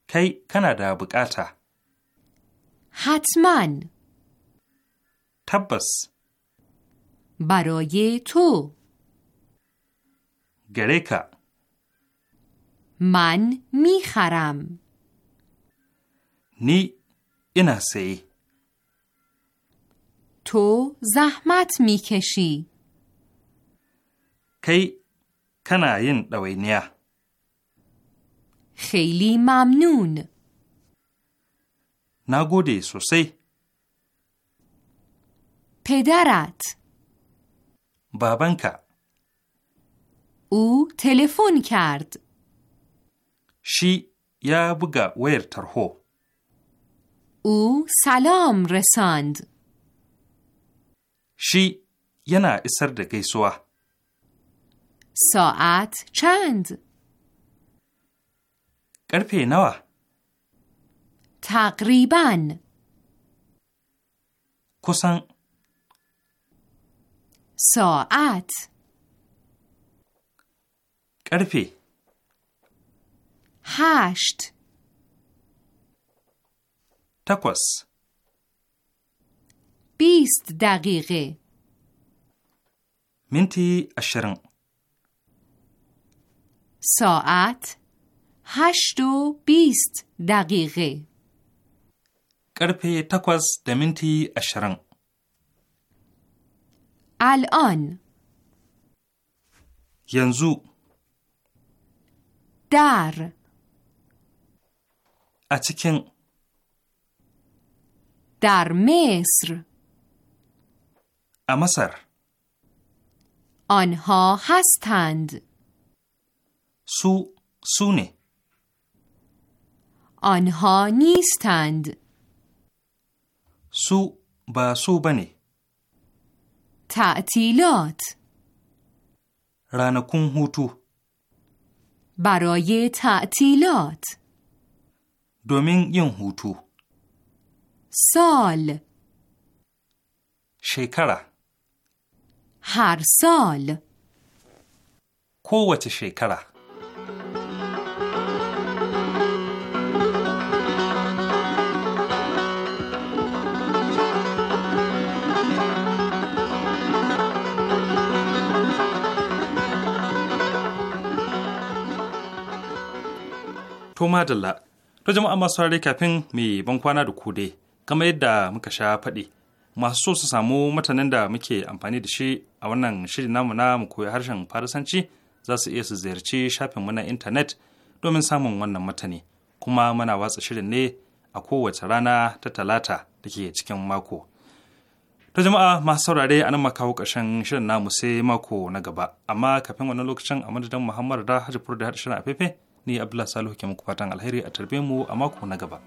کی کنا دا بکاتا حتما تبس برای تو گریکا من میخرم نی اینا تو زحمت میکشی کی کناین دوینیا خیلی ممنون نگودی gode sosai. پدرت بابنکا او تلفن کرد شی یا بگا ویر ترهو او سلام رساند شی ینا اسر ده گیسوا ساعت چند؟ قرفه نوا تقریبا کسان ساعت کرفی هشت تکوس بیست دقیقه منتی اشرن ساعت هشت و بیست دقیقه karfe takwas da minti ashirin. Al’on Yanzu Dar A cikin Dar Mesr A Masar آنها هستند سو سونه آنها نیستند سو با سو بنی تعطیلات رانکون هوتو برای تعطیلات دومین ین هوتو سال شکره هر سال کوچه شکره To madalla, to jama'a masu saurare kafin mai ban kwana da ku dai, kamar yadda muka sha faɗi. Masu so su samu mutanen da muke amfani da shi a wannan shirin namu na mu koyi harshen farasanci za su iya su ziyarci shafinmu na intanet domin samun wannan matani. Kuma muna watsa shirin ne a kowace rana ta talata da ke cikin mako. To jama'a masu saurare a nan makawo ƙarshen shirin namu sai mako na gaba, amma kafin wannan lokacin a madadin Muhammadu da Hajjifur da haɗa shirin a ni abdullah salihu ke muku fatan alheri a tarbe mu a mako na gaba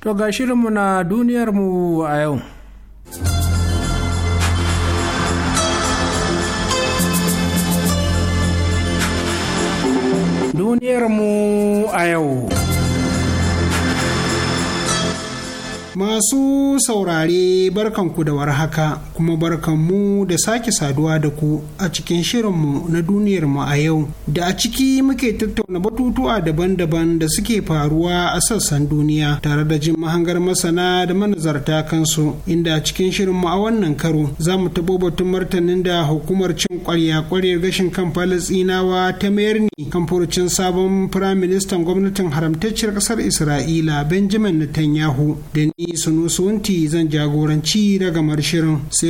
To ga shirinmu na duniyarmu a yau. mu a yau. Masu saurare barkanku da warhaka kuma barkanmu da sake saduwa da ku a cikin shirinmu na duniyarmu a yau da a ciki muke tattauna batutuwa daban-daban da suke faruwa a sassan duniya tare da jin mahangar masana da manazarta kansu inda a cikin shirinmu a wannan karo za mu tabo batun martanin da hukumar cin kwarya kwaryar gashin kan falastinawa ta mayar ne kan furucin sabon firaministan gwamnatin haramtacciyar ƙasar isra'ila benjamin netanyahu da ni sunusunti zan jagoranci daga shirin sai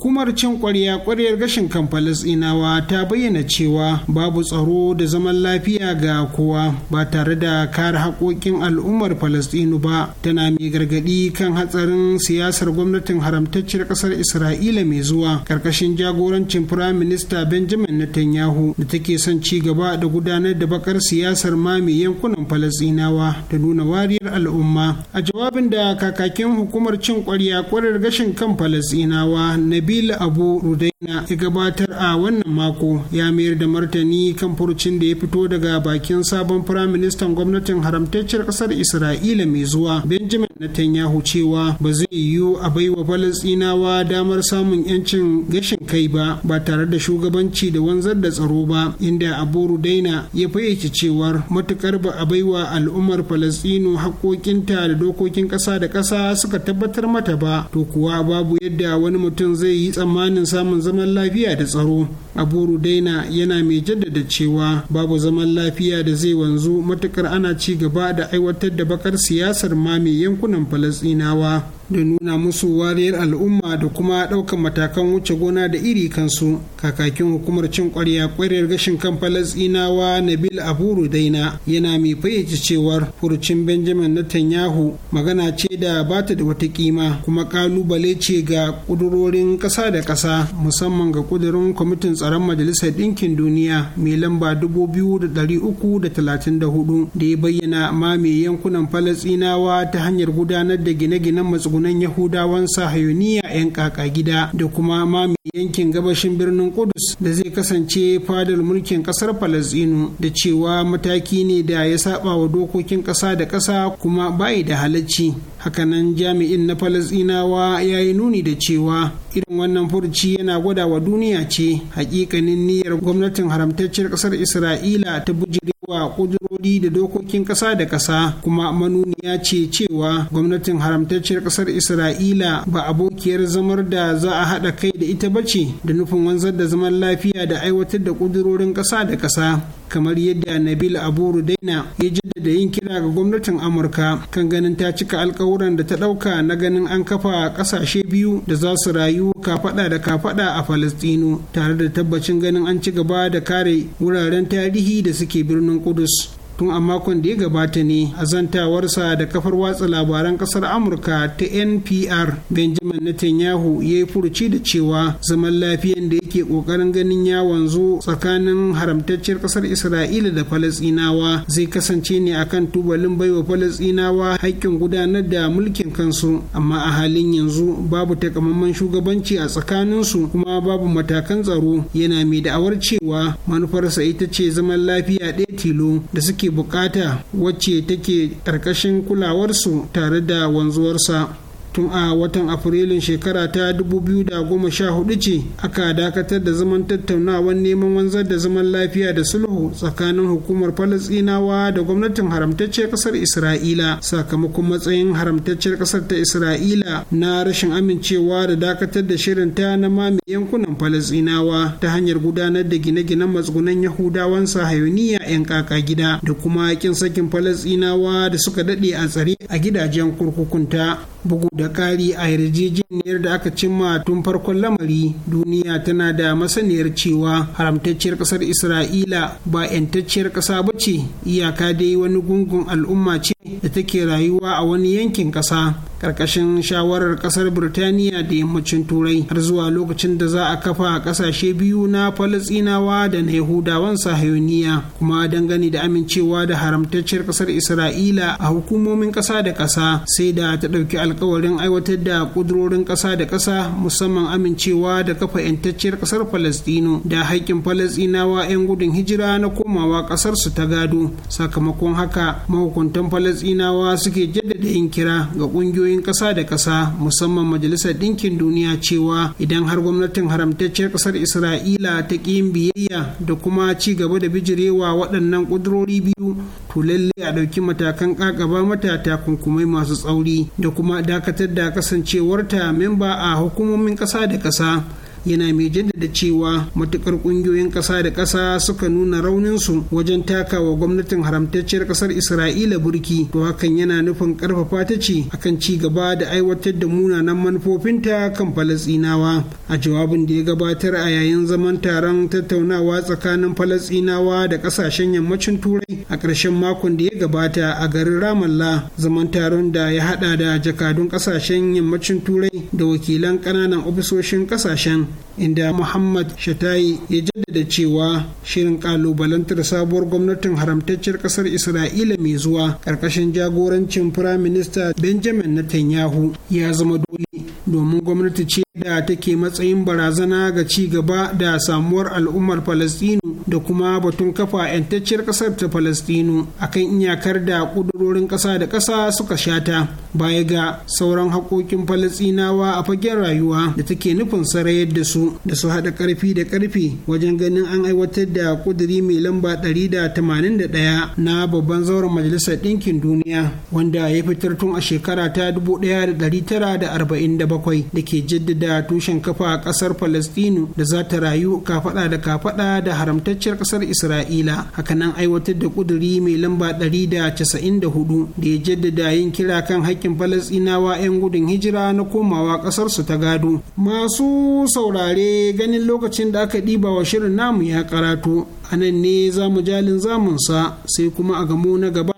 hukumar cin kwarya kwaryar gashin kan falasɗinawa ta bayyana cewa babu tsaro da zaman lafiya ga kowa ba tare da kare haƙoƙin al'ummar falasɗinu ba tana mai gargadi kan hatsarin siyasar gwamnatin haramtacciyar ƙasar isra'ila mai zuwa ƙarƙashin jagorancin firayim minista benjamin netanyahu da take son ci gaba da gudanar da bakar siyasar ma mai yankunan falasɗinawa da nuna wariyar al'umma a jawabin da kakakin hukumar cin kwarya kwarar gashin kan falasɗinawa na bil abu rudaina ya gabatar a wannan mako ya mayar da martani kan furcin da ya fito daga bakin sabon firaministan gwamnatin haramtacciyar ƙasar isra'ila mai zuwa benjamin netanyahu cewa ba zai yiwu a baiwa falastinawa damar samun 'yancin gashin kai ba ba tare da shugabanci da wanzar da tsaro ba inda abu rudaina ya fayyace cewar matukar ba a baiwa al'ummar falasɗinu haƙoƙinta da dokokin ƙasa da ƙasa suka tabbatar mata ba to kuwa babu yadda wani mutum zai yi tsammanin samun zaman lafiya da tsaro aburu daina yana mai jaddada cewa babu zaman lafiya da zai wanzu matukar ana ci gaba da aiwatar da bakar siyasar mame yankunan falasinawa da nuna musu wariyar al'umma da kuma ɗaukar matakan wuce gona da iri kansu kakakin hukumar cin ƙwarya ƙwarya gashin kan falasɗinawa nabil aburu daina yana mai fayyace cewar furucin benjamin netanyahu magana ce da bata da wata kima kuma ƙalubale ce ga ƙudurorin ƙasa da ƙasa musamman ga ƙudurin kwamitin tsaron majalisar ɗinkin duniya mai lamba 2334 da ya bayyana mame yankunan falasinawa ta hanyar gudanar da gine-ginen matsugunan yahudawan sahayoniya 'yan kaka gida da kuma mame yankin gabashin birnin kudus da zai kasance fadar mulkin ƙasar falasinu da cewa mataki ne da ya saba wa dokokin ƙasa da ƙasa kuma bai da halacci hakanan jami'in na falasinawa ya yi nuni da cewa irin wannan furci yana gwada wa duniya ce hakikanin niyyar gwamnatin haramtacciyar kasar isra'ila ta bujirewa kudurori da dokokin kasa da kasa kuma manuniya ce cewa gwamnatin haramtacciyar kasar isra'ila ba abokiyar zamar da za a haɗa kai da ita bace da nufin wanzar da zaman lafiya da aiwatar da kudurorin kasa da kasa kamar yadda nabil abu daina ya jaddada yin kira ga gwamnatin amurka kan ganin ta cika alkawuran da ta ɗauka na ganin an kafa ƙasashe biyu da za su rayu kafaɗa da kafaɗa a falastinu tare da tabbacin ganin an ci gaba da kare wuraren tarihi da suke birnin kudus tun a makon da ya gabata ne a zantawarsa da kafar watsa labaran kasar amurka ta npr benjamin netanyahu ya yi furuci da cewa zaman lafiyan da yake kokarin ganin ya wanzu tsakanin haramtacciyar kasar isra'ila da falasinawa zai kasance ne akan tubalin baiwa falasinawa haƙƙin gudanar da mulkin kansu amma a halin yanzu babu takamaiman shugabanci a tsakaninsu kuma babu matakan tsaro yana mai da'awar cewa manufarsa ita ce zaman lafiya ɗaya tilo da suke bukata wacce take ƙarƙashin kulawarsu tare da wanzuwarsa tun a watan afrilun shekara ta 2014 ce aka dakatar da zaman tattaunawar neman wanzar da zaman lafiya da sulhu tsakanin hukumar falasinawa da gwamnatin haramtacciyar kasar isra'ila sakamakon matsayin haramtacciyar kasar ta isra'ila na rashin amincewa da dakatar da shirinta na mame yankunan falasinawa ta hanyar gudanar da gine-ginen matsugunan yahudawan sahayuniya 'yan kaka gida da kuma kin sakin falasinawa da suka dade a tsare a gidajen kurkukunta bugu da ƙari a yarjejeniyar da aka cimma tun farkon lamari duniya tana da masaniyar cewa haramtacciyar ƙasar isra'ila ba 'yantacciyar ƙasa ba ce iyaka dai wani gungun al'umma ce da take rayuwa a wani yankin ƙasa ƙarƙashin shawarar ƙasar birtaniya da yammacin turai har zuwa lokacin da za a kafa ƙasashe biyu na falasinawa da na yahudawan sahayoniya kuma dangane da amincewa da haramtacciyar ƙasar isra'ila a hukumomin ƙasa da ƙasa sai da ta ɗauki alkawarin aiwatar da kudurorin ƙasa da ƙasa musamman amincewa da kafa 'yantacciyar ƙasar falastino da haƙƙin falastinawa 'yan gudun hijira na komawa su ta gado sakamakon haka mahukuntan falastinawa suke jaddada yin kira ga ƙungiyoyin ƙasa da ƙasa musamman majalisar ɗinkin duniya cewa idan har gwamnatin haramtacciyar ƙasar isra'ila ta ƙi biyayya da kuma ci gaba da bijirewa waɗannan ƙudurori biyu to lallai a ɗauki matakan ƙaƙaba mata takunkumai masu tsauri da kuma dakatar da kasancewarta memba a hukumomin ƙasa da ƙasa yana mai jaddada cewa matukar kungiyoyin ƙasa da ƙasa suka nuna rauninsu wajen taka wa gwamnatin haramtacciyar ƙasar isra'ila burki to hakan yana nufin ƙarfafa ta ce akan ci gaba da aiwatar da munanan manufofinta kan falasɗinawa a jawabin da ya gabatar a yayin zaman taron tattaunawa tsakanin falasɗinawa da ƙasashen yammacin turai a ƙarshen makon da ya gabata a garin ramallah zaman taron da ya haɗa da jakadun ƙasashen yammacin turai da wakilan ƙananan ofisoshin ƙasashen inda muhammad shatayi ya jaddada cewa shirin kalubalantar sabuwar gwamnatin haramtacciyar kasar isra'ila mai zuwa ƙarƙashin jagorancin firaminista benjamin netanyahu ya zama dole domin gwamnati ce da take matsayin barazana ga ci gaba da samuwar al'ummar falastinu da kuma batun kafa 'yantacciyar ƙasar ta falastinu akan iyakar da ƙudurorin ƙasa da ƙasa suka shata baya ga sauran haƙoƙin falastinawa a fagen rayuwa da take nufin sarayar da su da su haɗa ƙarfi da ƙarfi wajen ganin an aiwatar da ƙuduri mai lamba 181 na babban zauren majalisar ɗinkin duniya wanda ya fitar tun a shekara ta 1947 bakwai da ke jaddada tushen kafa a kasar Falastinu da za ta rayu kafada da kafada da haramtacciyar kasar Isra'ila hakanan aiwatar da kuduri mai lamba 194 da da ya jaddada yin kira kan haƙƙin Falastinawa 'yan gudun hijira na komawa su ta gado masu saurare ganin lokacin da aka ɗiba wa shirin namu ya karatu a nan ne za mu jalin zamunsa sai kuma a gamo na gaba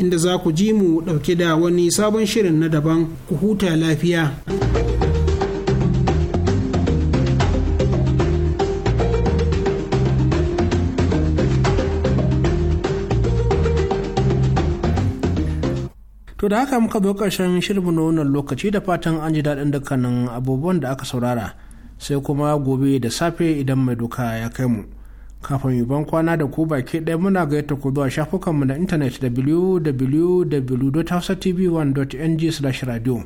inda za ku ji mu ɗauke da wani sabon shirin na daban ku huta lafiya. To da haka muka zo ƙarshen shirin na wannan lokaci da fatan an ji daɗin dukkanin abubuwan da aka saurara sai kuma gobe da safe idan mai duka ya kai mu. kafin yi ban kwana da ku baki ɗaya muna gaita ku zuwa shafukanmu na intanet www.hausatv1.ng/radio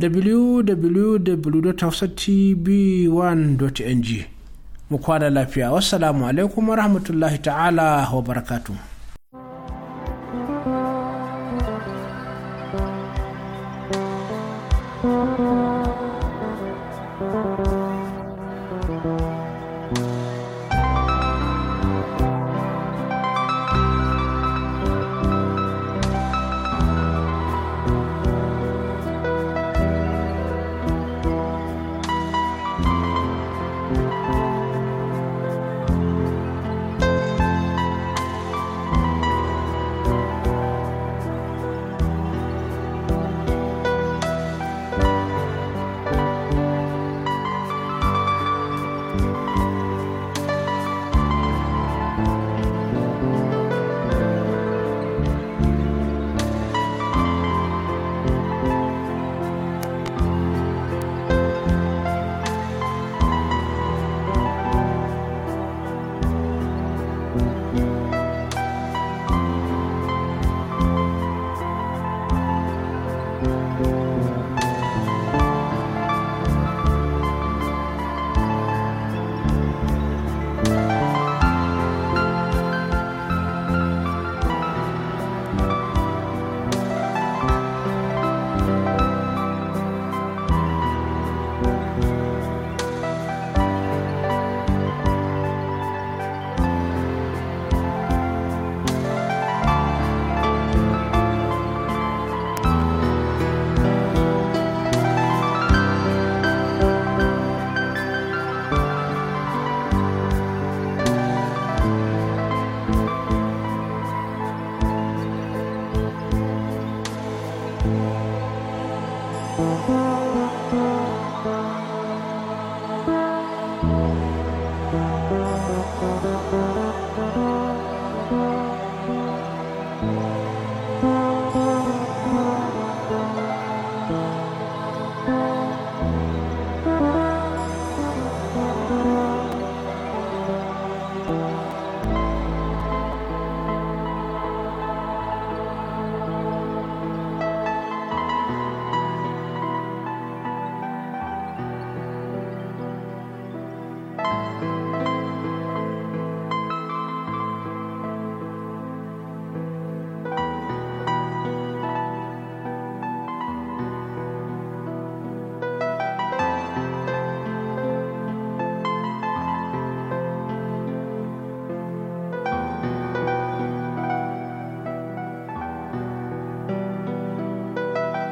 www.hausatv1.ng mu kwana lafiya wassalamu alaikum warahmatullahi ta'ala wa barakatuh